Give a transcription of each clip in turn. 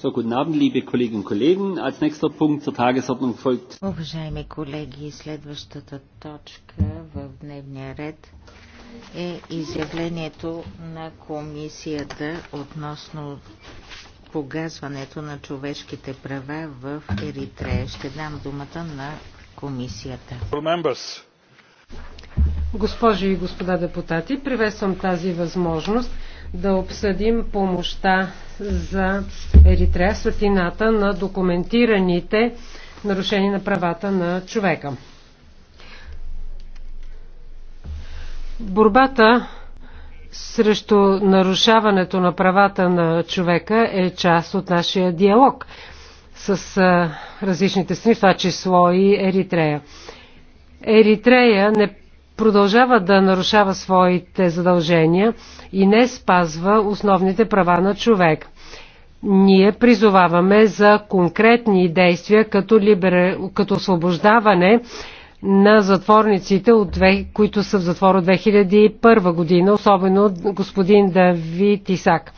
So, guten Abend, liebe Kolleginnen und Kollegen. Als nächster Punkt zur Tagesordnung folgt. Уважаеми колеги, следващата точка в дневния ред е изявлението на комисията относно погазването на човешките права в Еритрея. Ще дам думата на комисията. Госпожи и господа депутати, приветствам тази възможност да обсъдим помощта за Еритрея светлината на документираните нарушения на правата на човека. Борбата срещу нарушаването на правата на човека е част от нашия диалог с различните страни, това число и Еритрея. Еритрея не продължава да нарушава своите задължения и не спазва основните права на човек. Ние призоваваме за конкретни действия като, либер... като освобождаване на затворниците, от две... които са в затвор от 2001 година, особено господин Давид Исак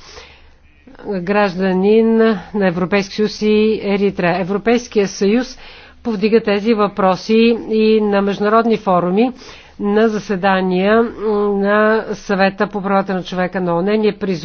гражданин на Европейския съюз и Еритра. Европейския съюз повдига тези въпроси и на международни форуми на заседания на съвета по правата на човека на ОНЕ. Ние призоваваме